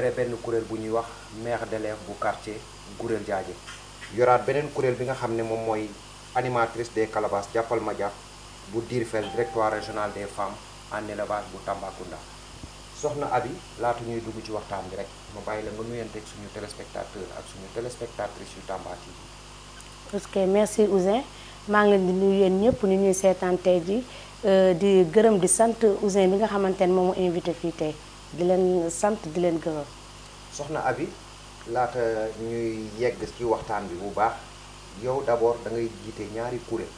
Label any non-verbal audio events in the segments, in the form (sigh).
géré benn kuréel bu ñuy wax maire d'élève bu quartier Gurel Jaaje yoraat beneen kuréel bi nga xam ne moom mooy animatrice des calebasses jàppal ma jàpp bu Diirfel directoire régional des femmes en élevage bu Tambacounda soxna Abi laatu ñuy dugg ci waxtaan bi rek ma bàyyi la nga nuyanteeg suñu téléspectateur ak suñu téléspectatrice yu Tamba TV. parce merci Ouzin maa ngi leen di nuyu yéen ñëpp ñu ñuy seetaan tey ji euh, di gërëm di sant Ouzin bi nga xamante ne moom mu invité fii tey. di leen sant di leen gërëm. soxna Abi laata ñuy yegg ci waxtaan bi bu baax yow d'abord da ngay jiite ñaari kuréel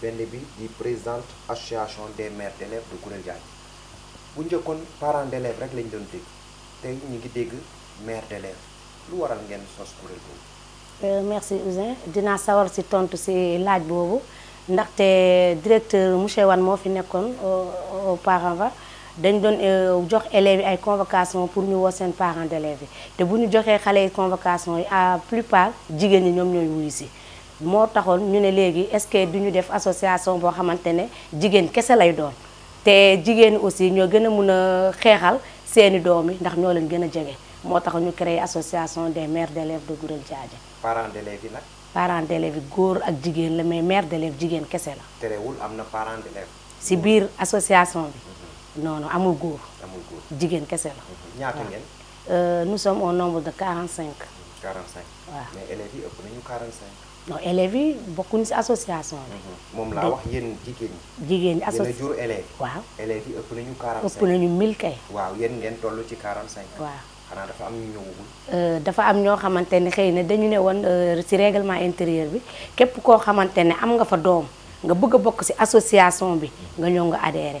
benn bi di présidente association des mères d'élèves de Kourel Diagne bu njëkkoon parents d'élèves rek lañ doon dégg tey ñu ngi dégg mère d'élèves lu waral ngeen sos kuréel boobu. Euh, merci Ouzin dinaa sawar si tontu si laaj boobu ndaxte directeur monsieur Wane moo fi nekkoon parent la dañ doon euh, jox élèves ay convocation pour ñu wo seen parents d'élèves té te bu ñu joxee xale convocation yi à plupart jigéen ñi ñoom ñooy wuyu si moo taxoon ñu ne léegi est-ce que duñu def association bo xamantene ne jigéen kese lay doon te jigéen aussi ño gëna mëna mun seeni doomi ndax ño leen gëna a mo tax ñu créer association des mères d'élèves de Gourel Diadia. parents d'élèves nak parents d'élèves yi ak jigéen la mais mère d'élèves jigéen kese la. téréwul amna parents d'élèves. ci biir association bi. noonu non amul góor. amul jigéen kese la. Mhm. ñaata ngeen. Euh, nous sommes au nombre de 45. cinq waaw mais élèves yi ëpp bokkuñu ci association bi. Mhm. moom laa wax yéen jigéen ñi. jigéen ñi association yéen waaw élèves yi ëpp nañu 45 ëpp nañu 1000 kay. waaw yéen ngeen toll ci 45. waaw xanaa dafa am ñu ñëwagul. Euh, dafa am ñoo xamante ne xëy na dañu ne woon euh, ci réglement intérieur bi képp koo xamante ne am nga fa doom nga bëgg a bokk ci association bi nga ñëw nga adhéré.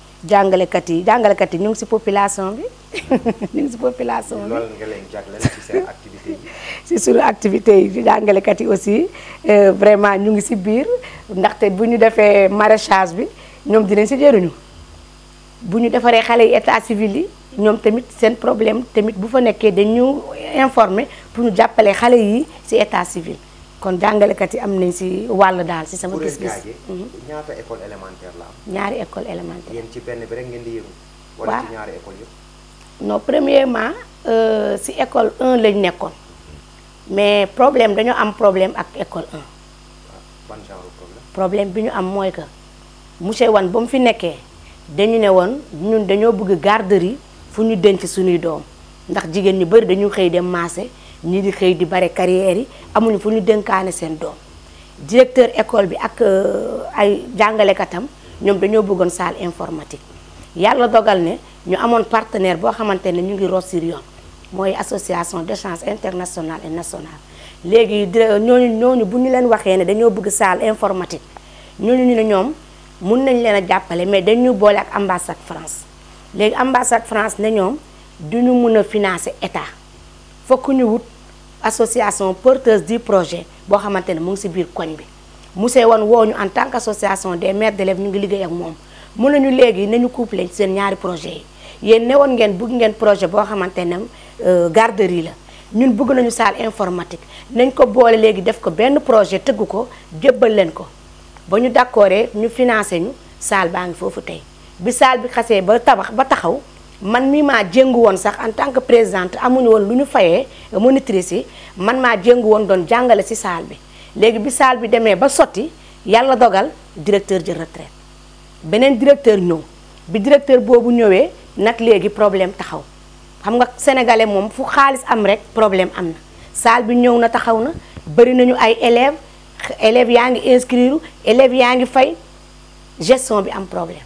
jàngalekat yi jàngalekat yi ñu ngi ci population bi (laughs) ñu ci population bi. loolu nga leen jagleel ci seen activité yi. (laughs) ci suñu activité yi euh, vraiment ñu ngi ci biir ndaxte bu ñu defee maraîchage bi ñoom dinañ ci jëriñu bu ñu defaree xale yi état civil yi ñoom tamit seen problème tamit bu fa nekkee dañu informer pour ñu jàppalee xale yi ci état civil. kon jàngalekat yi am nañ si wàll daal si sama gis-gis. Mhm. ñaata école élémentaire la am. ñaari école élémentaire. yéen ci benn bi rek ngeen di yëngu. wala ci ñaari école yëpp. non premièrement si euh, école 1 lañ nekkoon mais problème dañoo am problème ak école 1. Ah, ban genre problème. problème bi ñu am mooy que monsieur Wan ba mu fi nekkee dañu ne woon ñun dañoo bëgg garderie fu ñu denc suñuy doom ndax jigéen ñu bëri dañu xëy dem marché. ni di xey di bare carrière yi amuñu fu ñu dénkaane seen doom directeur école bi ak euh, ay katam ñoom dañoo bëggoon salle informatique yàlla dogal ne ñu amoon partenaire boo xamante ne ñu ngi Rossir yoon mooy association d'échange international et national léegi euh, ñooñu ñooñu bu ñu leen waxee ne dañoo bëgg salle informatique ñooñu ñu ne ñoom mun nañ leen a jàppale mais dañu boole ak ambassade France léegi ambassade France ne ñoom duñu ñu mun a financer état fokk ñu wut association porteuse du projet boo xamante ne mu ngi si biir koñ bi monsieur wan woo ñu en tant que association des maires d'élèves ñu ngi liggéey ak moom mun nañu léegi ne nañu couplé seen ñaari projet yi yéen newoon ngeen bëgg ngeen projet boo xamante ne euh, garderie la ñun bugg nañu salle informatique nañ ko boole léegi def ko benn projet tëgg ko jébbal leen ko ba ñu d'accordé ñu financé ñu salle baa ngi foofu tey bi salle bi xasee ba tabax ba taxaw man mii maa jéngu woon sax en tant que présidente amuñu woon lu ñu fayee monitrice yi man maa jéngu woon doon jàngale si saal bi léegi bi saal bi demee ba sotti yàlla dogal directeur jël retraite beneen directeur ñëw bi directeur boobu ñëwee nag léegi problème taxaw xam nga sénégalais moom fu xaalis am rek problème am na saal bi ñëw na taxaw na bëri nañu ay élèves élèves yaa ngi inscrire élèves yaa ngi fay gestion bi am problème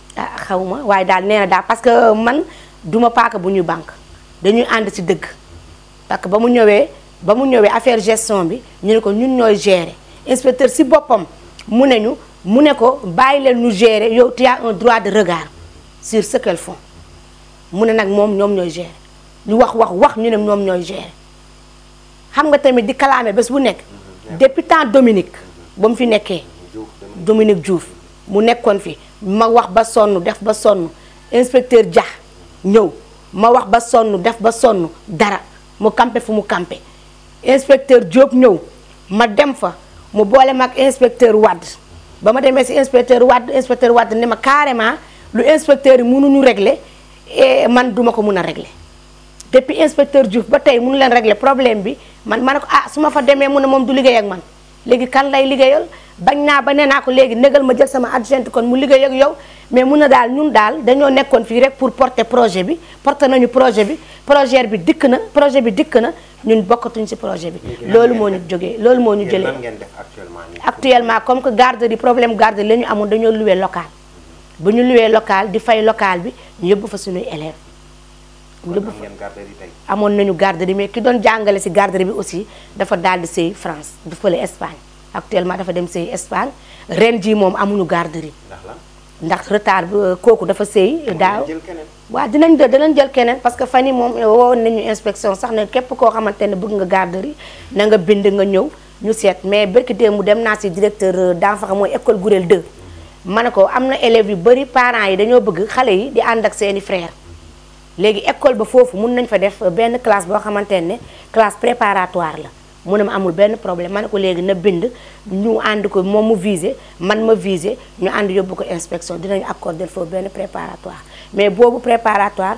ah ne sais pas, daal parce que man duma suis que une banque dañuy and ci je parce que affaire gestion bi ñu ne ko ñun gérer inspecteur si bopam mu ne mu ne ñu gérer yow un droit de regard sur ce qu'elles font mu ne nak mom ñom ñoy gérer ñu wax wax wax ñu ne ñom ñoy gérer xam nga tamit di bu mm-hmm. depuis Dominique fi Dominique Diouf. mu nekkoon fi ma wax ba sonn def ba sonn inspecteur jax ñëw ma wax ba sonn def ba sonn dara mu campé fu mu campé inspecteur Diop ñëw ma dem fa mu boole ma ak inspecteur Wade ba ma demee si inspecteur Wade inspecteur Wade ne ma carrément lu inspecteur yi mënuñu régler et eh, man duma ko mun a régler depuis inspecteur Diouf ba tey mënu leen régler problème bi man ma ko ah su ma fa demee mu ne moom du liggéey ak man léegi kan lay liggéeyal bañ naa ba nee naa ko léegi négal ma jël sama adjointe kon mu liggéey ak yow mais mun na daal ñun daal dañoo nekkoon fii rek pour porter projet bi porter nañu projet bi projet bi dikk na projet bi dikk na ñun bokkatuñ si projet bi. loolu moo ñu jógee loolu moo ñu jëlee. actuellement comme que garde di problème garde lañu ñu amoon dañoo loué local. bu ñu luwee local di fay local bi ñu yóbbu fa suñuy élèves. lépp amoon nañu garderie mais ki doon jàngale si garderie bi aussi dafa daal di sëy France du fële Espagne actuellement dafa dem sëy Espagne ren ji moom amuñu garderie ndax bi euh, kooku dafa sëy daaw waa dinañ jël dinañ jël keneen parce que fan yi moom euh, wowoon nañu inspection sax ne képp koo xamante ne bëgg nga garderie na nga bind nga ñëw ñu seet mais bërki dee mu dem naa si directeur euh, d'enfants mooy école Gurel 2 ma ne ko am na élèves yu bëri parent yi dañoo bëgg xale yi di ànd ak seeni frère léegi école ba foofu mun nañ fa def benn classe boo xamante ne classe préparatoire la mu ne ma amul benn problème ma ne ko léegi na bind ñu ànd ko moom mu visé man ma visé ñu ànd yóbbu ko inspection dinañu accorder foo benn préparatoire mais boobu préparatoire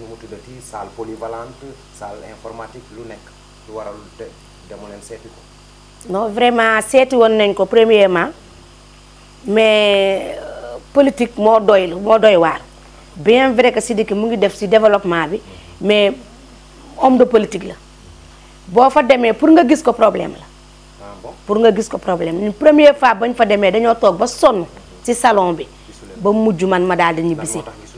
nu mu tuddati salle polyvalente salle informatique lu nekk lu vraiment seeti woon nañ ko premièrement mais euh, politique moo doy moo doy waar bien vrai que Sidiki mu ngi def si développement bi mais homme de politique la boo fa demee pour nga gis ko problème la. Ah, pour nga gis ko problème ñun première fois bañ fa demee dañoo toog ba sonn si salon bi ba mujj man ma daal di ñibbisi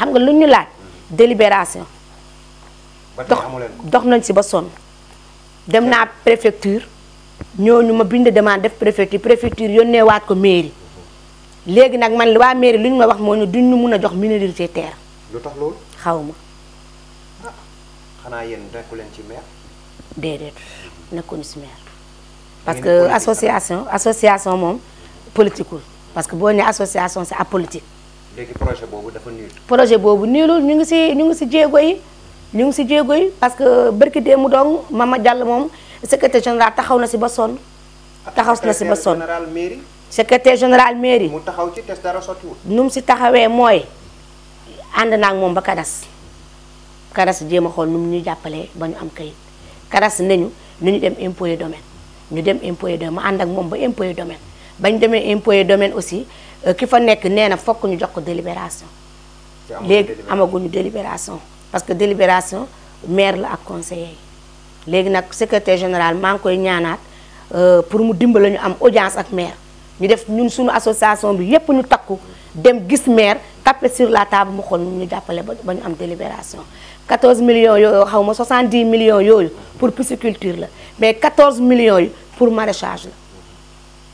xam nga luñu laaj délibération dox dox nañ ci ba son. dem naa préfecture ñooñu ma bind demande def préfecture préfecture yónnee waat ko mairie léegi nag man waa mairie lu ma wax moo ñu duñ ñu mun a jox minorité terre lu tax loolu xaw ma ah, xanaa yéen nekku leen ci maire déedéet nekkuñu si maire parce que association association moom politiqueul parce que boo ne association c'est apolitique léegi projet boobu dafa nul. projet boobu nulul ñu ngi si ñu ngi si jéego yi ñu ngi si jéego yi parce que barki démb dong Mama Diallo moom secrétaire général taxaw na si ba sonn. Ah, taxaw na si ba sonn général mairie. secrétaire général mairie. mu taxaw ci test dara nu mu si taxawee mooy ànd naa ak moom ba kadas kadas jéem a xool nu mu ñu jàppalee ba ñu am kayit kadas nañu nu ñu dem impôt domaine ñu dem impôt domaine ma ànd ak moom ba impôt domaine bañ demee impôt domaine aussi. Euh, ki fa nekk nee na fokk ñu jox ko délibération. léegi amaguñu délibération parce que délibération maire la ak conseiller yi léegi nag secrétaire général maa ngi koy ñaanaat euh, pour mu dimbali ñu am audience ak maire ñu def ñun suñu association bi yépp ñu takku dem gis maire tapé sur la table mu xool ñu jàppale ba ñu am délibération 14 million yooyu xaw ma 70 million yooyu pour pisciculture la mais 14 million yi pour maraîchage la.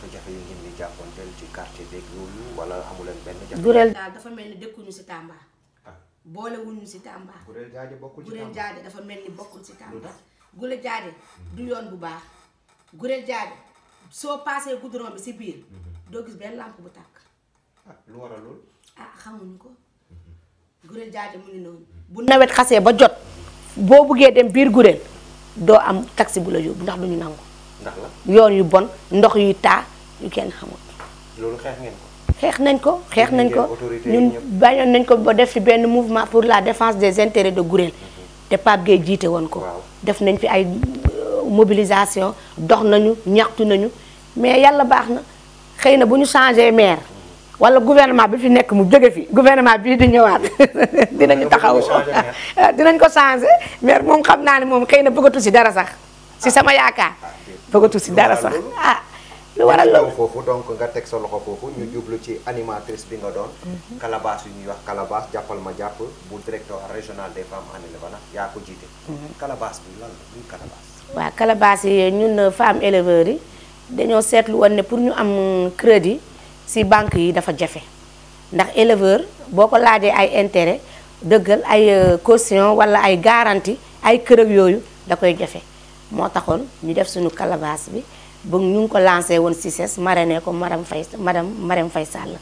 jafe-jafe yi ngeen di jàppanteel ci quartier beeg yooyu wala amu leen benn jafe. Gurel daal dafa mel ni dëkkuñu si Tamba. Ah. boolewuñu si Tamba. Gurel Jaade bokkul si Tamba Gurel Jaade dafa mel ni bokkul si Tamba. Gurel Jaade du yoon bu baax. Gurel Jaade soo paasee goudron bi si biir mhm. doo gis benn lampe bu tàkk. ah lu waral loolu. ah xamuñu ko. Mhm. Gurel Jaade mu ngi noonu. Mhm. bu nawet xasee ba jot boo buggee dem biir Gurel doo am taxi bu la yóbbu ndax duñu nangu. yoon yu bon ndox yuy taa yu kenn xamul. xeex nañ ko xeex nañ ko ñun bañoon nañ ko ba def fi benn mouvement pour la défence des intérêts de Gourel mhm. te Pape Gueye jiite woon ko def nañ fi ay euh, mobilisation dox nañu ñaxtu nañu mais yàlla baax na xëy na bu ñu changé maire mhm. wala gouvernement bi fi nekk mu jóge fi gouvernement bii di ñëwaat (laughs) dinañu taxaw (laughs) dinañ ko changé maire moom xam naa ne moom xëy na bëggatu si dara sax si ah. sama yaakaar ah. bëggatu si dara sax ah lu waral loolu foofu donc nga teg sa loxo foofu ñu jublu ci animatrice bi nga doon mhm. calebasse yu ñuy wax calebasse jàppal ma jàpp bu directeur régional des femmes en élevage yaa mhm. waaw calebasse yi ñun femmes éleveurs yi dañoo seetlu woon ne pour ñu am crédit si banque yi dafa jafe ndax éleveur boo ko laajee ay intérêt dëggal ay euh, caution wala ay garantie ay kër yooyu da koy jafe moo taxoon ñu def suñu calebasse bi ba ñu ngi ko lancé woon CICES marraine ko fay Faye madame Marème fay Sall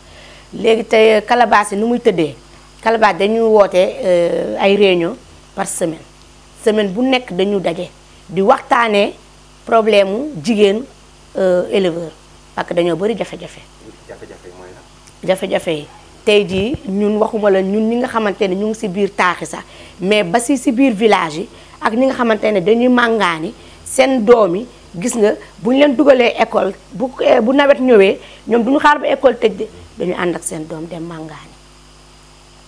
léegi te calebasse yi nu muy tëddee calebasse dañuy woote euh, ay réunion par semaine semaine bu nekk dañu daje di waxtaanee problème mu jigéen euh, éleveur parce que dañoo bëri jafe-jafe. jafe-jafe yi tey jii ñun waxuma la ñun ñi nga xamante ne ñu ngi si biir taaxi sax mais ba si si biir village yi. ak ñi nga xamante ne dañuy màngaani seen doom yi gis nga bu ñu leen dugalee école bu eh, bu nawet ñëwee ñoom duñu xaar ba école tëj de dañu ànd ak seen doom dem màngaani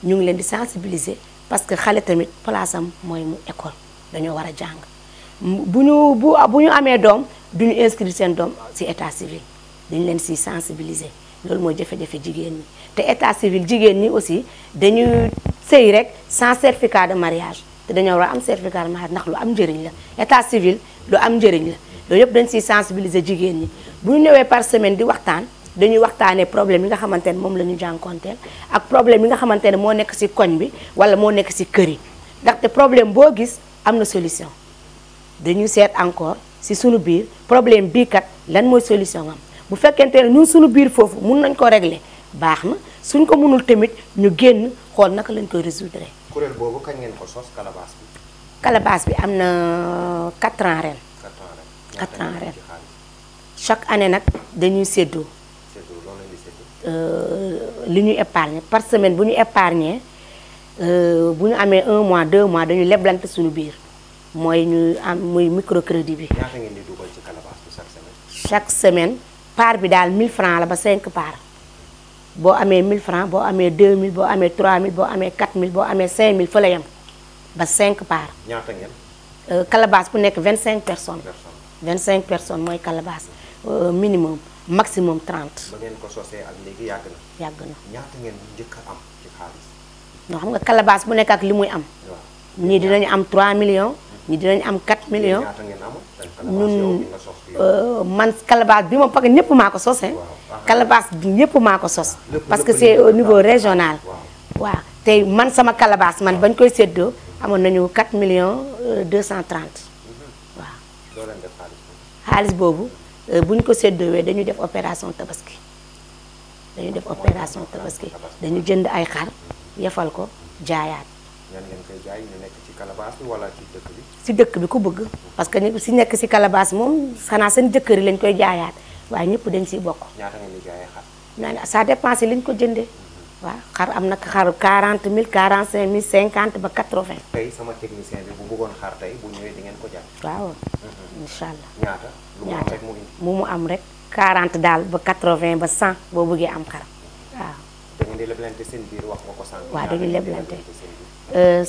ñu ngi leen di sensibiliser parce que xale tamit place am mooy mu école dañoo war a jàng bu ñu bu bu ñu amee doom duñu inscrire seen doom ci état civil dañ leen si sensibiliser loolu mooy jafe-jafe jigéen ñi te état civil jigéen ñi aussi dañuy sëy rek sans certificat de mariage dañoo war a am certificat de mariage ndax lu am njëriñ la état civil lu am njëriñ la loolu yëpp dañ siy sensibiliser jigéen ñi bu ñu ñëwee par semaine di waxtaan dañuy waxtaanee problème yi nga xamante ne moom la ñu jànkonteel ak problème yi nga xamante ne moo nekk si koñ bi wala moo nekk si kër yi ndaxte problème boo gis am na solution dañuy seet encore si sunu biir problème bii kat lan mooy solution am bu fekkente ne ñun sunu biir foofu mun nañ ko regle baax na suñ ko mënul tamit ñu génn xool naka lañ koy résoudre kuréel bobu kañ ngeen ko sos calabasse bi. calabasse bi 4 ans 4 ans chaque année nous dañuy euh, par semaine vous épargner euh buñu un mois deux mois nous leblante suñu biir moy ñu am nous, microcrédit bi. ngeen chaque semaine. chaque semaine par bi 1000 francs la ba 5 parts bo amé 1000 francs bo amé 2000 bo amé 3000 bo amé 4000 bo amé 5000 fa ba 5 par. ñaata ngeen. Euh, calabasse bu nek 25 personnes. 25 personnes calabasse euh, minimum maximum 30. ba ngeen ko sosee ak légui yagna yagna ñaata ngeen njëkk a am ci xaaliss non xam nga calabasse bu nek ak li am. ni dinañ am 3 millions. ñu dinañ am 4 millions ñun euh, man calebasse bi ma pag ñëpp maa ko sosee hein ah, ah. bi ñëpp maa ko sos parce que c'est au niveau régional waa tey man sama calebasse man bañ koy séddoo amoon nañu 4 millions 230 euh, mm-hmm. waaw xaalis boobu euh, buñ ko séddoowee dañuy def opération tabaski dañu def opération tabaski dañu jënd ay xar yefal ko jaayaat wala si dëkk bi ku bëgg parce que ñu si nekk si calabas moom xanaa seen jëkkër lañ koy jaayaat waaye ñëpp dañ siy bokk. ñaata ngeen di jaayee xar. ça dépend si liñ ko jëndee. Mhm. waaw xar am na xar 40 000 45 000 50 ba 80. tey sama technicien bi bu bëggoon xar tey bu ñëwee di ngeen ko jaay. waaw mhm. incha allah. ñaata lu mu am rek mu indi. mu mu am rek 40 daal ba 80 ba 100 boo bëggee am xar waaw. da ngeen di leblante seen biir wax nga ko sànq. waaw dañuy leblante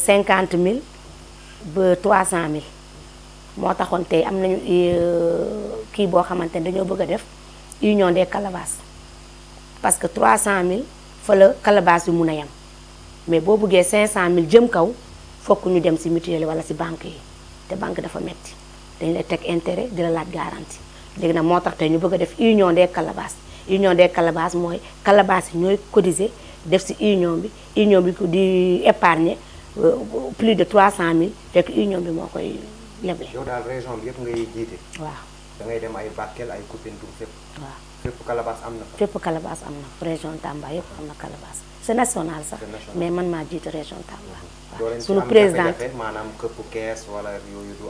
50 000. ba 300000 moo taxoon tey am nañu euh, kii boo xamante ne dañoo bëgg a def union des calebasses parce que 300000 fa la calebasse bi mun a yem mais boo buggee cinq cent 500000 jëm kaw fokk ñu dem ci mutuelle walla ci banque yi te banque dafa metti dañ lay teg intérêt di la laaj garantie léegi nag moo tax tey ñu bëgg a def union des calebasses union des calebasses mooy calebasse yi ñooy cotiser def ci union bi union bi di épargner. Euh, plus de 300000 fekk union bi moo koy leble. yow daal région bi yëpp ngay jiite. waaw da ngay dem ay Bakel ay Koupentoum fépp. waaw fépp Calabas am na. fépp Calabas am na région Tamba yëpp am na Calabas c'est national sax. mais man maa jiite région Tamba. waaw suñu président maanaam këpp kees wala yooyu du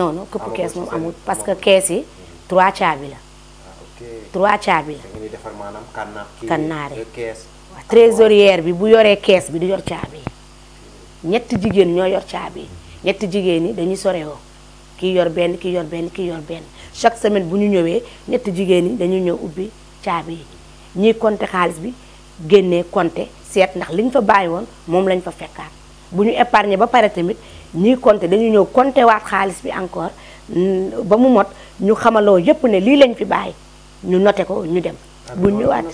am. këpp kees moom amul parce que kees yi mhm. trois caabi la. Ah, trois caabi la. da ngeen di defar maanaam kannaar. kannaare trésorière bi bu yoree kees bi du yor caabi ñetti jigéen ñoo yor caabi ñetti jigéen ñi dañuy sorewoo kii yor benn kii yor benn kii yor benn chaque semaine bu ñu ñëwee ñetti jigéen ñi dañuy ñëw ubbi caabi yi ñiy compter xaalis bi génnee compter seet ndax liñ fa bàyyi woon moom lañ fa fekkaat bu ñu épargner ba pare tamit ñiy compter dañuy ñëw compter waat xaalis bi encore mm, ba mu mot ñu xamaloo yépp ne lii lañ fi bàyyi ñu note ko ñu dem. Ah, bu ñëwaat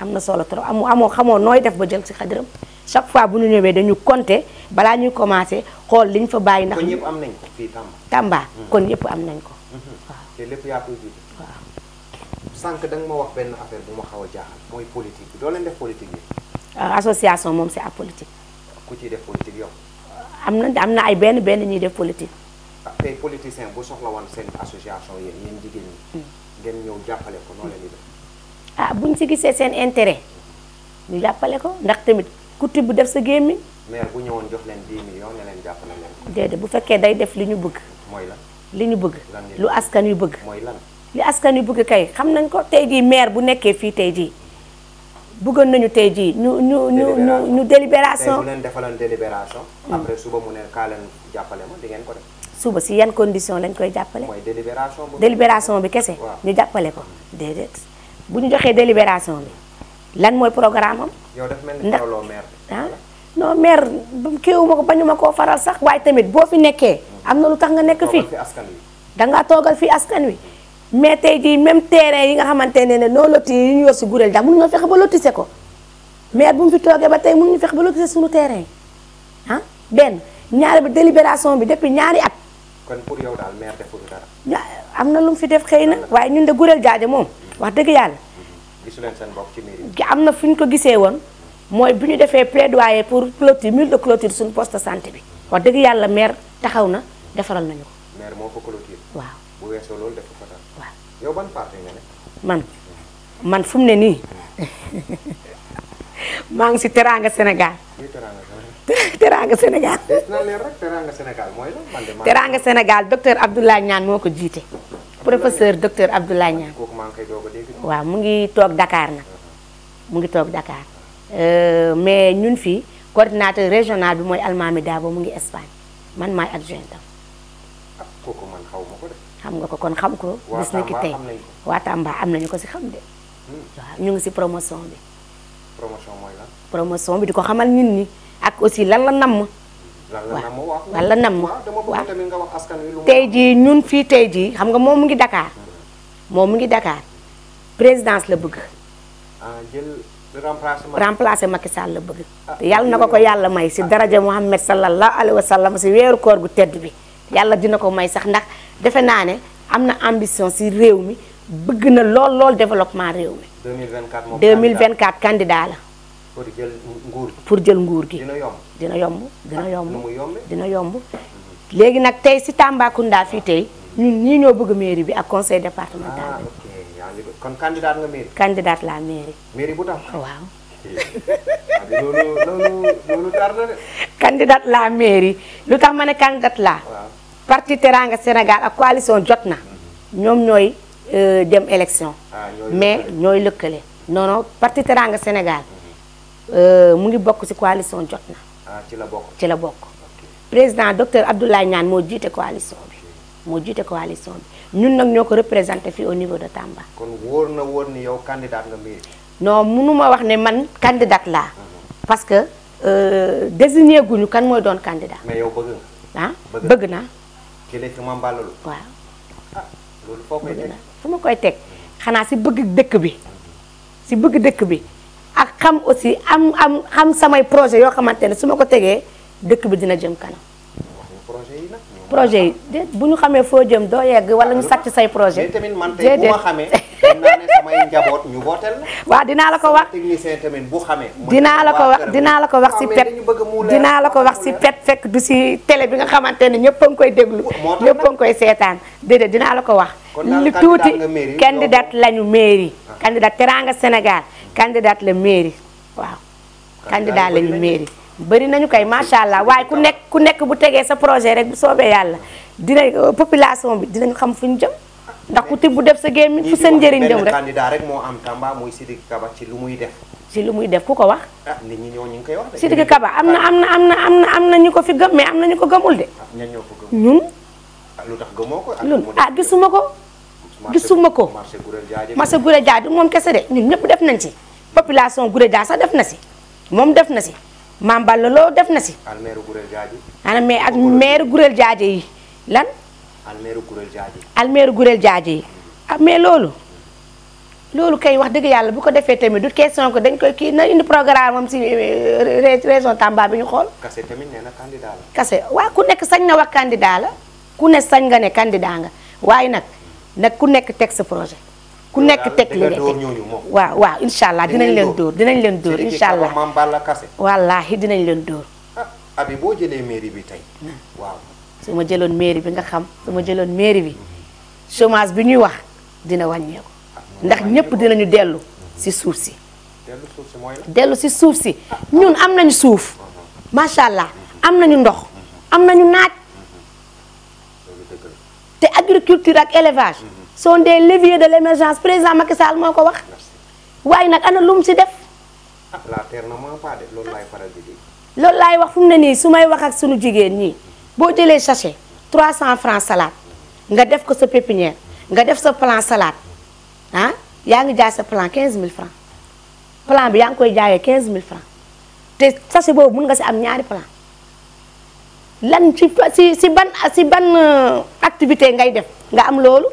am na solo trop amoo xamoo nooy def ba jël ci xadiram chaque fois bu ñu ñëwee dañu compter balaa ñuy commencé xool liñ fa bàyyi. ndax kon ñëpp am nañ ko fii Tamba. Tamba hmm. kon ñëpp am nañ ko. Hmm. waaw te lépp yaa koy jiite. waaw. sànq da affaire bu ma xaw a jaaxal mooy politique doo leen def politique yi. Euh, association moom c'est apolitique. ku ci def politique yow. am na am na ay benn benn ñuy def politique. ah tey politicien bu soxla woon seen association yéen yéen jigéen ñi. Hmm. ngeen ñëw jàppale ko noo leen di def. ah buñ si gisee seen intérêt ñu jàppale ko ndax tamit. ku tibb def sa gémmiñ. maire bu ñëwoon jox leen 10 millions ne bu fekkee day def li ñu bëgg. mooy lan li ñu bëgg. lu askan yu bëgg. mooy lan li askan yu bëgg kay xam nañ ko tey jii maire bu nekkee fii tey jii bëggoon nañu tey jii ñu ñu ñu ñu ñu. délibération tey bu leen defaloon délibération. Mm. suba mu ne kaa leen di ngeen ko suba si yan condition lañ koy jàppale. mooy délibération bi. délibération bi kese. ñu jàppale ko mm. déedéet bu ñu joxee délibération bi. lan mooy programme am. yow dafa mel ni maire ah non maire kiiwuma ko bañu ma koo faral sax waaye tamit boo fi nekkee. am na lu tax nga nekk fii da ngaa toogal fii askan wi. mais tey jii même terrain yi nga xamante ne ne noo loti yi ñu yor si Gurel ndax mënuñoo fexe ba lotise ko maire bu mu fi toogee ba tey ñu fexe ba lotise suñu terrain yi ah benn ñaari bi délibération bi depuis ñaari at. kon pour am na lu mu fi def xëy na waaye ñun de Gurel Jaaje moom wax dëgg yàlla. gisu leen seen bopp ci mairie am na fu ñu ko gisee woon mooy bi ñu defee plaidoyer pour clôture mur de clôture suñu poste santé bi wax dëgg yàlla maire taxaw na defaral nañu ko. maire moo ko clôture. waaw bu weesoo loolu def ko fa waaw yow ban man man fu mu ne nii maa ngi si teraanga Sénégal. teraanga Sénégal. des na leer rek teraanga Sénégal mooy la man de. teraanga Sénégal docteur Abdoulaye Niane moo ko jiite. professeur docteur Abdoulaye Niang gitu. wa mu ngi tok Dakar nak mu ngi tok Dakar eh, mais ñun fi coordinateur régional bi mooy Almami Dabo mu ngi Espagne man may adjoint ah, def xam nga ko kon xam ko gis na ki tay wa Tamba am nañu ko si xam de hmm. ñu ngi ci promotion bi promotion moy lan promotion bi diko ko xamal ñun ni ak aussi lan la nam waaw la nam waaw tey jii ñun fii tey jii xam nga moom mu ngi Dakar moom mu ngi Dakar présidence la bëgg ah, remplacer Macky Sall la bëgg ah, yàlla na ko ko yàlla may si ah. daraja Muhammad sallallahu alayhi wa sallam si weeru koor gu tedd bi yàlla dina ko may sax ndax defe naa ne am na ambition si réew mi bëgg na lool lool développement réew mi 2024 candidat la pour jël nguur gi dina yomb dina yomb dina ah, yomb dina yomb léegi nag tey si Tambacounda fii tey ñun ñii ñoo bëgg mairie bi ak conseil départemental ah, bi kon candidat nga mairie la mairie mairie bu tam waaw ah, loolu lu tax ma ne candidat la parti Teranga Sénégal ak coalition jot na mhm. ñoom ñooy euh, dem élection mais ñooy lëkkale non non parti Teranga Sénégal mhm. euh, mu ngi bokk ci coalition jot na Ah, ci la bokk ci la bokk président docteur Abdoulaye Niane moo jiite coalition bi moo jiite coalition bi ñun nag ñoo ko représenté fii au niveau de Tamba. kon wóor na wóor ni yow candidat nga mbir. non mënuma wax ne man candidat laa. Uh-huh. parce que euh, désigné guñu kan mooy doon candidat. mais yow bëgg nga. ah bëgg naa. ki nekk ma mbalalu. waaw. Ah, fu ma koy teg xanaa si bëgg dëkk bi si bëgg dëkk bi. ak xam aussi am am am samay projet yoo xamante ne su ma ko tegee dëkk bi dina jëm kanam projet yi bu ñu xamee foo jëm doo yegg wala ñu sàcc say projet. déedéet tamit man tey bu xam naa ne samay ñu wooteel (laughs) waaw dinaa la ko wax technicien tamit xamee. dinaa la ko wax dinaa la ko wax si pet dinaa la ko wax si pet fekk du si télé bi nga xamante ne ñëpp a ngi koy déglu. ñëpp a ngi koy seetaan déedéet dinaa la ko wax. li tuuti candidate lañu mairie. Ah. candidate Teranga Sénégal candidate la mairie waaw. candidat lañu mairie. bëri nañu kay macha allah waaye ku nekk ku nekk bu tegee sa projet rek bu soobee yàlla dina population bi dinañu xam fu ñu jëm. ndax ku tibb bu def sa gémmi fu seen njëriñ jëm rek candidat rek moo am Tamba muy Sidiki Kaba ci lu muy def. ci lu muy def ku ko wax. ah nit ñi ñoo ñu ngi koy wax de. Sidiki Kaba am na am na am na am na am na ñu ko fi gëm mais am na ñu ko gëmul de. Ah, ñun. Ah, lu tax gëmoo ko ñun ah gisuma ah, ko. gisuma ko marché Gurel Diagne moom kese de ñun ñëpp def nañ ci population Gurel Diagne sa def na si moom def na si maam la loo def na si. almeeru Gurel Jaaji. alme ak meeru Gurel Jaaji yi lan. almeeru Gurel Jaaji. almeeru Gurel Jaaji yi am mm-hmm. ah, mais loolu. loolu kay wax dëgg yàlla bu ko defee tamit du question ko dañ koy kii na indi programme am si euh, région Tamba bi ñu xool. Kase tamit nee na candidat la. Kase waaw ku nekk sañ na wax candidat la ku ne sañ nga ne candidat nga waaye nag nag ku nekk teg sa projet. ku nekk teg li nekk waaw waaw incha allah dinañ leen dóor dinañ leen dóor incha allah wallaahi dinañ leen dóor ah, boo jëlee mairie bi tey hmm. waaw su ma jëloon mairie bi nga xam su ma jëloon mairie bi chômage bi ñuy wax dina wàññeeku ah, ndax ñépp dinañu dellu si suuf si dellu si suuf si ñun am nañu suuf macha allah am nañu ndox am nañu naaj te agriculture ak élevage sont des leviers de l'émergence président Macky Sall moko wax way nak ana lum ci def. Ah, la terre na mo pa def lolou lay faral di lolou lay wax fum ne ni sumay wax ak sunu jigen ni bo jëlee sachet 300 francs salade nga def ko sa pépinière nga def sa plan salade ah ya nga jaay sa plan 15000 francs plan bi yaa ngi koy jaayee 15000 francs té sachet bobu mën nga ci am ñaari plan lan ci si ban si ban euh, activité ngay def nga am lolou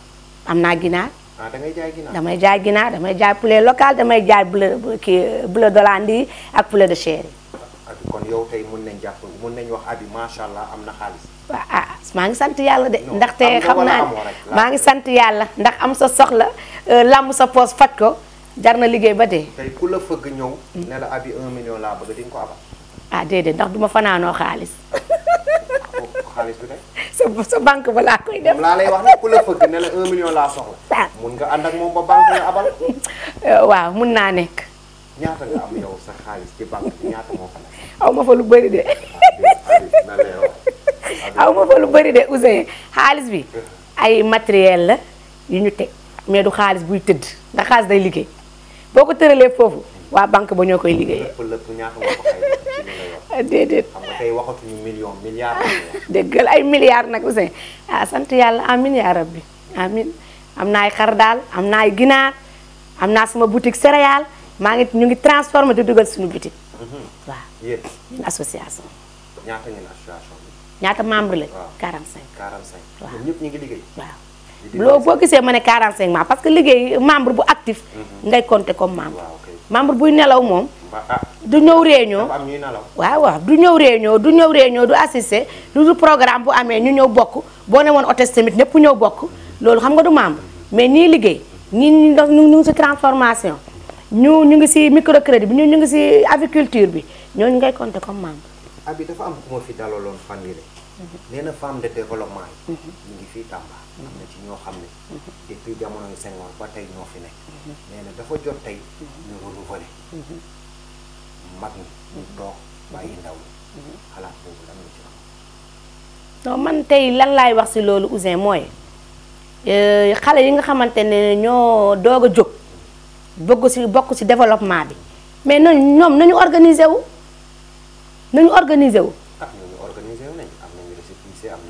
am naa ginaar. ah da ngay damay jaay ginaar damay jaay poulet local damay jaay bleu kii bleu d'Hollande ak poulet de chair yi. Ah, kon yow tey mun nañ jàpp mun nañ wax abi macha allah am na xaalis. Ah, maa ngi sant yàlla de. ndaxte xam naa ne maa ngi sant yàlla ndax am sa soxla euh, làmb sa poos faj ko jar na liggéey ba dee. tey ku mm. ah, ndax duma fanaanoo xaalis. (laughs) sa sa banque ba laa koy def. laa lay wax ne ku la fëgg ne la 1 million laa soxla. (laughs) Ah. mun nga ànd ak moom ba banque abal. (laughs) waaw mun naa nekk. ñaata fa aw ma fa lu bëri de. Ah, (laughs) aw ma fa lu bari de Ousseyn xaalis bi. ay matériel la yu ñu teg mais du xaalis buy tëdd ndax xaalis day liggéey boo ko tëralee foofu. wa bank bo ñokoy liggéey waa banque ba ñoo koy liggéey déedéet xam nga waxatu ñu million milliard déggal ay milliard nak usin ah sante yalla amin ya rabbi amin amna ay xar dal amna ay ginaar amna sama boutique céréal ma ngi ñu ngi transformer di duggal suñu boutique mhm. waaw ñun association ñaata ñu association ñaata membre eh? lañ 45 45 ñepp ñëpp ñu ngi liggéey wa loo boo gisee ma ne 45 membres parce que liggéey membre bu actif. Mhm. ngay compter comme membre. buy nelaw moom. Ah. du ñëw réunion waaw waaw du ñëw réunion du ñëw réunion du assister lu du programme bu amee ñu ñëw bokk boo ne woon hôtesse tamit ñëpp ñëw bokk loolu xam nga du membre mais ñii liggéey ñii ñu ñu ngi si transformation ñu ñu ngi si microcrédit bi ñu ñu ngi si aviculture bi ñooñu ngay compter comme membre. abi dafa am ku fi dalaloon fan yii mhm. nee développement mhm. fii am na xam ne mhm. depuis jamonoy Senghor ba tey ñoo fi nekk mhm. nee na mhm. man tey lan laay wax si loolu Ouzin mooy euh, xale yi nga xamante ne ñoo doog a jóg bëgg si bokk si développement bi mais na ñoom nañu organiser wu nañu organiser wu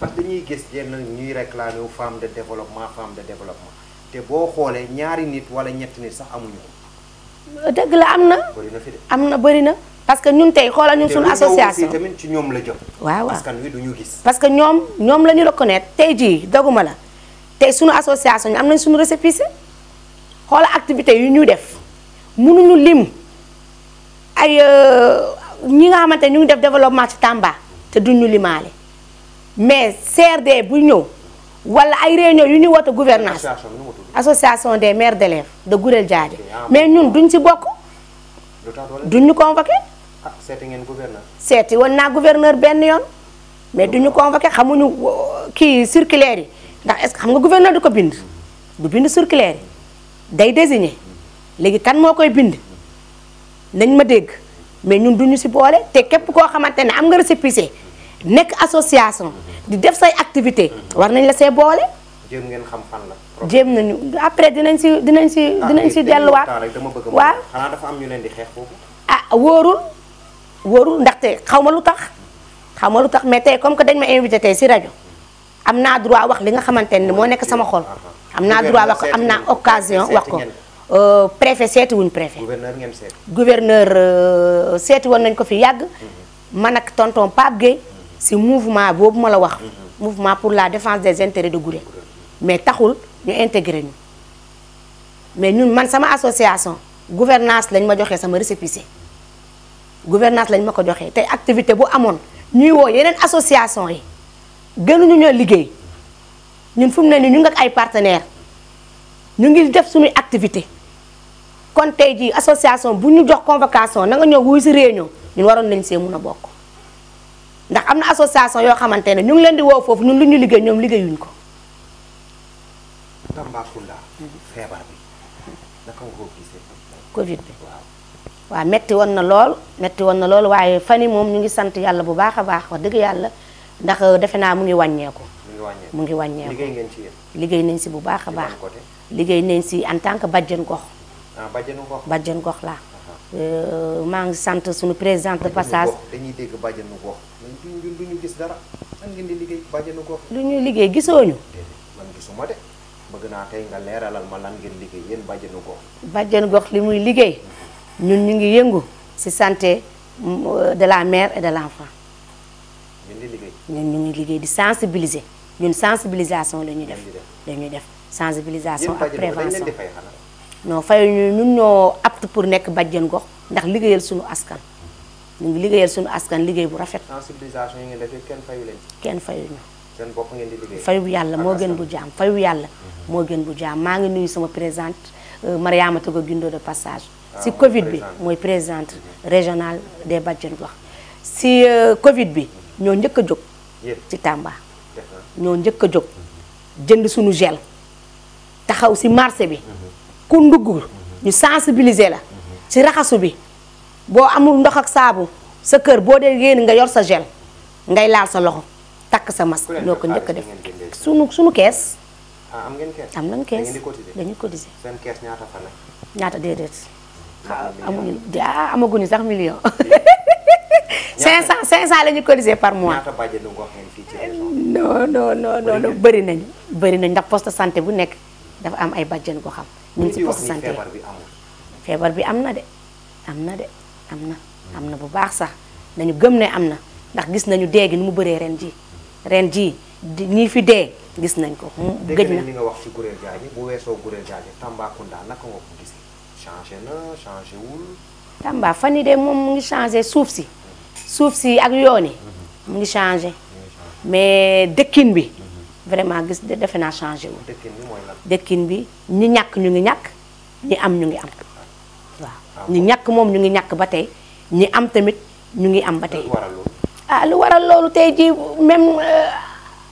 parce que dañuy gis yenn ñuy réclamer wu femme de de développement te boo xoolee ñaari nit wala ñetti nit sax amuñu ko. am na. am na bëri na. parce que ñun tey xoolal ñun suñu association tamit ci ñoom la jëm. waaw askan wi du ñu gis. parce que ñoom ñoom la ñu reconnaître tey jii doguma la tey suñu association am nañ suñu récépissé xoolal activité yu ñuy def mënuñu lim ay euh, ñi nga xamante ñu ngi def développement ci Tamba te duñu limaale. mais CRD buy ñëw wala ay réunion yu ñuy woote gouvernance association des de d'élèves de Gourel Diagne ah, mais ñun duñ si bokk duñ ñu convoqué ah, seeti ngeen gouverneur seeti woon naa gouverneur benn yoon mais duñu convoqué xamuñu euh, kii circulaire yi ndax est-ce que xam nga gouverneur du ko bind du bind circulaire yi day désigné léegi kan moo koy bind nañ ma dégg mais ñun duñu si boole te képp koo xamante ne am nga récépissé nekk association di def say activité war nañ la see boole. jéem ngeen la. jéem nañu après dinañ si dinañ si ah, dinañ si delluwaat. waaw xanaa dafa am ñu leen di xeex ah wóorul wóorul ndaxte xaw ma lu tax xaw ma lu tax mais tey comme que dañ ma invité tey si rajo am naa droit wax li nga xamante ne moo nekk sama xol. Ah, am naa droit wax ko am naa occasion wax ko. Euh, préfet seeti wuñ préfet. gouverneur ngeen seeti. gouverneur euh, seeti woon nañ ko fi yàgg. Mhm. man ak tonton Pape Gueye. si mouvement boobu la wax. mouvement pour la défense des intérêts de Gouré. mais taxul ñu intégrer ñu mais ñun man sama association gouvernance lañ ma joxé sama récépissé gouvernance lañ mako joxé joxee activité bu amone ñuy wo yenen association yi ñu ñoo liggéey ñun fum mu ne nii ñu ngi ay partenaires ñu ngi def suñu activité kon tay jii association bu ñu jox convocation na nga ñëw wuy réunion ñun waron nañ sé mëna bokk. ndax am na association yoo xamante ne ñu ngi leen di woo foofu ñun lu ñu liggéey ñoom liggéeyuñ ko. Tambacounda. feebar Covid bi waaw. metti woon na lool metti woon na lool waaye fan yi moom ñu ngi sant yàlla bu baax a baax wax dëgg yàlla ndax euh, defe naa mu ngi wàññeeku. mu ngi wàññeeku liggéey ngeen liggéey nañ si bu baax a baax. liggéey nañ si en tant que bajjen gox. ah bajjenu gox bajjenu laa. Euh, ngi sant suñu présidente de passage dañuy dégg bajjenu duñu gis dara nan ngeen di lu ñuy liggéey gisoo ñu man bëgg naa tey nga liggéey yéen bàjjenu gox bàjjenu gox li muy liggéey ñun ñu ngi yëngu ci santé mm, euh, de la mère et de l'enfant ngeen di liggéey ñun ñu ngi liggéey di sensibiliser ñun sensibilisation la ñuy def dañuy def sensibilisation ak prévention non fay ñu ñun ñoo apte pour nekk bàjjen gox ndax liggéeyal suñu askan ñu ngi liggéeyal suñu askan liggéey bu rafet. sensibilisation yi ngeen def kenn fayu leen. kenn fayuñu. seen bopp yàlla moo gën bu jaam fayu yàlla. Mhm. moo gën bu jaam maa ngi nuyu sama présidente euh, Mariama Togo Guindo de passage. Ah, si Covid bi mooy présidente mhm. régional des Bajenu Gox. si euh, Covid bi mhm. ñoo njëkk a jóg. ci Tamba. ñoo njëkk a jóg jënd suñu gel taxaw si marché bi. ku ndugg ñu sensibiliser la. si raxasu bi. boo amul ndox ak saabu sa kër boo dee yéen nga yor sa gel ngay laal sa loxo takk sa masque noo ko njëkk a ah, def sunu sunu kees. ah am ngeen kees am nañ kees dañuy cotiser seen kees ñaata fan ñaata déedéet. ah amuñu ah amaguñu sax million. (laughs) (laughs) cinq cent cinq cent la ñu par mois. ñaata bàjjenu nga xam fii ci bëri nañu. bëri nañu ndax poste bu nekk dafa am ay bàjjen ko xam. ñu ngi si poste santé feebar bi am na de am na de. am na am na bu baax sax nañu gëm ne am na ndax gis nañu dee gi nu mu bëree ren ji ren ji ñii fi dee gis nañ ko. gëj na li nga ni bu weesoo Gurel Diagne Tambacounda naka ko gis changé na changé Tamba fan yii de moom mu ngi changé suuf si suuf si ak yoon yi mu ngi changé mais dëkkin bi vraiment gis defe naa changé wul. dëkkin bi mooy lan bi ñi ñàkk ñu ngi ñàkk ñu am ñu ngi am. ñi ñàkk moom ñu ngi ñàkk ba tey ñi am tamit ñu ngi am ba tey ah lu waral loolu tey jii même euh,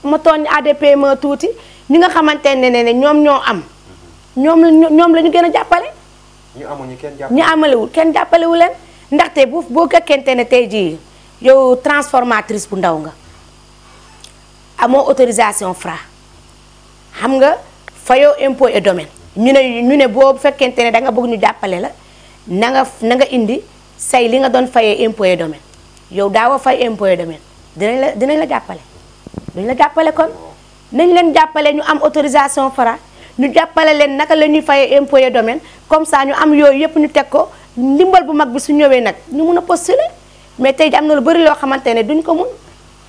ma tooñ ADP ma tuuti ñi nga xamante ne ne ñoom ñoo am mm-hmm. ñoom ñoom gën a jàppale ñu amuñu kenn jàppale ñu amalewul kenn jàppalewu leen ndaxte bu boo fekkente ne tey jii yow transformatrice bu ndaw nga amoo autorisation Fra xam nga fayoo impôt et domaine ñu ne ñu ne boo fekkente ne danga bëgg ñu jàppale la na nga na nga indi say li nga doon fayee impôt et domaine yow daaw a fay impôt et domaine dinañ la dinañ la jàppale duñ la jàppale kon nañ leen jàppale ñu am autorisation Fra ñu jàppale leen naka la ñuy fayee impôt domaine comme ça ñu am yooyu yëpp ñu teg ko ndimbal bu mag bi su ñëwee nag ñu mun a postuler mais tey ji am na lu bëri loo xamante ne duñ ko mun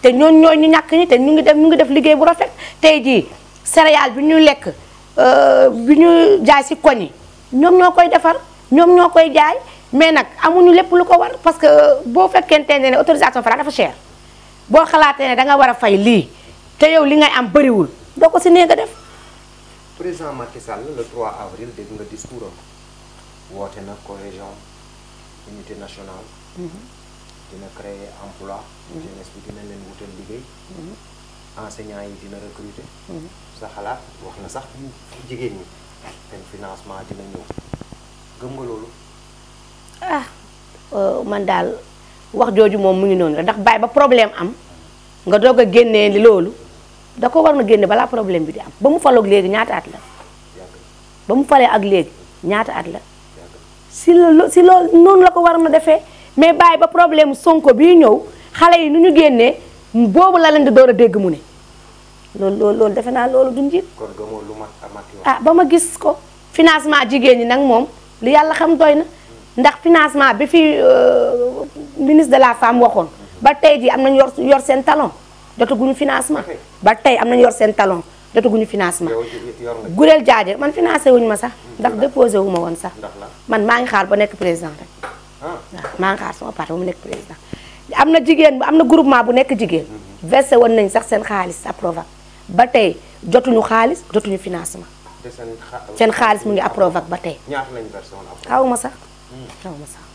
te ñooñu ñooñu ñàkk ñi te ñu ngi def ñu ngi def liggéey bu rafet tey jii céréale bi ñu lekk euh, bi ñu jaay si koñ yi koy defar. ñoom ñoo koy jaay mais nag amuñu lépp lu ko war parce que boo fekkente ne autorisation Fra dafa cher boo xalaatee ne da nga war a fay lii te yow li ngay am bëriwul doo ko si nee def. président Macky Sall le 3 avril dégg nga discours am woote na cohésion unité nationale. Mm-hmm. dina créer emploi. Mm-hmm. jeunesse bi dina leen wutal liggéey. Mm-hmm. enseignants yi dina recruter. sa xalaat wax na sax jigéen ñi seen financement dina ñëw. gëm nga loolu. ah euh, man daal wax jooju moom mu ngi noonu la ndax bàyyi ba problème am nga doog a génne li loolu da ko war na génne balaa problème bi di am ba mu faloog léegi ñaata at la. ba mu falee ak léegi ñaata at la. si loolu si loolu noonu la ko war na defee mais bàyyi ba problème sonko bii ñëw xale yi nu ñu génnee boobu la leen di door a dégg mu ne. loolu loolu loolu defe naa loolu du njiit. kon lu mat ah ba ma gis ko financement jigéen ñi nag moom. li yàlla xam doy na ndax financement bi fi euh, ministre de la femme waxoon ba tey ji am nañu yor yor seen talon jotaguñu financement ba tey am nañu yor seen talon jotaguñu financement gureel jaaje man financé wuñu ma sax mm. ndax déposé wu ma woon sax man maa ngi xaar ba nekk président rek ah. waaw maa ngi xaar sama parti ba mu nekk président am na jigéen bu am na groupement bu nekk jigéen mm-hmm. versé woon nañ sax seen xaalis approval ba tey jotuñu xaalis jotuñu financement seen xaalis mu ngi Aprovac ba tey. ñaata lañ versé woon Aprovac. xaw ma sax hmm. xaw ma sax.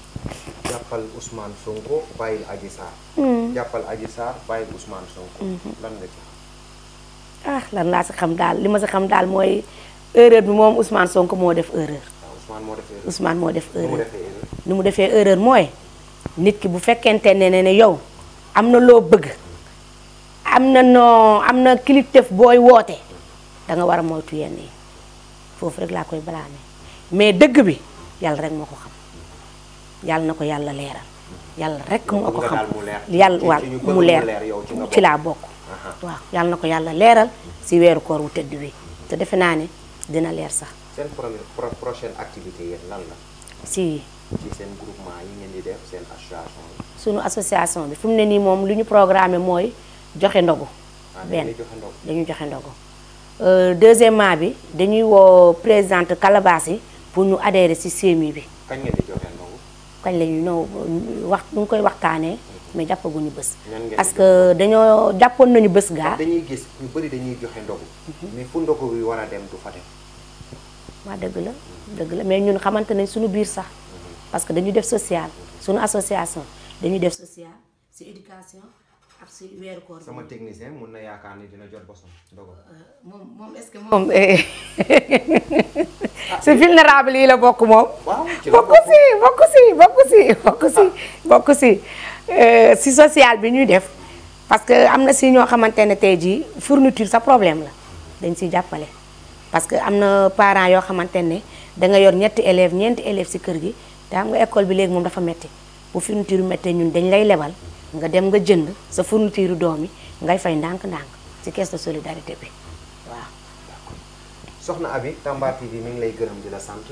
jàppal Ousmane Sonko bàyyil Adji Sarr. Hmm. jàppal Adji Sarr bàyyil Ousmane Sonko. Hmm. lan nga ah lan laa si xam daal li ma si xam daal mooy erreur bi moom Ousmane Sonko moo def erreur. Ah, Ousmane moo def erreur ni mu defee erreur mooy. nit ki bu fekkente ne ne yow am na loo bëgg am na noo am na kilifteef booy woote da war a moytu yenn yi. foofu rek laa koy balaame mais dëgg bi yàlla rek moo ko xam yàlla na ko yàlla leeral yàlla rek moo ko xam yàlla waaw mu leer ci laa bokk waaw yàlla na ko yàlla leeral si weeru koor wu tëdd wi te defe naa ne dina leer sax seen prochaine si seen groupement association sunu association bi fu mu ne nii moom lu ñu programme mooy joxe ndogu ah, benn dañu joxe ndogu Euh, deuxièmement bi dañuy woo présidente Calabas yi pour ñu adhérer ci CMU bi. kañ ngeen di kañ la ñuy wax ñu ngi koy waxtaanee mais jàppaguñu bés. parce que dañoo jàppoon nañu bés gaa. dañuy gis ñu bëri dañuy joxe ndogu. Mhm. mais fu ndogu bi war a dem du fa dem. waaw dëgg la dëgg la mais ñun xamante nañ suñu biir sax mhm. parce que dañuy def social. suñu association dañuy def social ci éducation. si weeru sama technicien mun na yaakaar ni dina jot bosom ndogo. Euh, eh. ah, (laughs) vulnérable yi la bokk moom. waaw bokk si bokk si bokk si bokk si ah. bokk si euh, si social bi ñuy def parce que am na si ñoo xamante ne tey jii fourniture sa problème la dañ siy jàppale. parce que am na parent yoo xamante ne da nga yor ñetti élèves ñeenti élève si kër gi te xam nga école bi léegi moom dafa metti bu fourniture méttee ñun dañ lay lebal nga dem nga jënd sa fourniture doom yi ngay fay ndànk-ndànk si caisse de solidarité bi waaw. soxna Abi Tamba bi mi ngi lay gërëm di la sant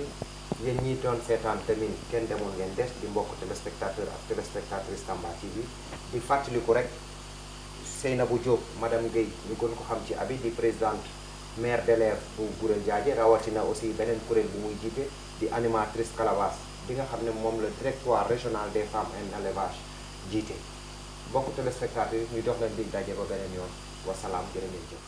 yéen ñi doon seetaan tamit kenn demoon ngeen des di mbokk téléspectateur ak téléspectatrice Tamba TV di fàttaliku rek Seynabou Diop madame Guèye ñu gën ko xam ci Abi di présidente maire d'élève bu Gurel Diadié rawatina aussi beneen kuréel bu muy jiite di animatrice Calabas. bi nga xam ne moom la directoire régional des femmes en élevage jiite bokku téléspectateurs yi ñu dox leen dig daje ba beneen yoon wasalaam jërë jëf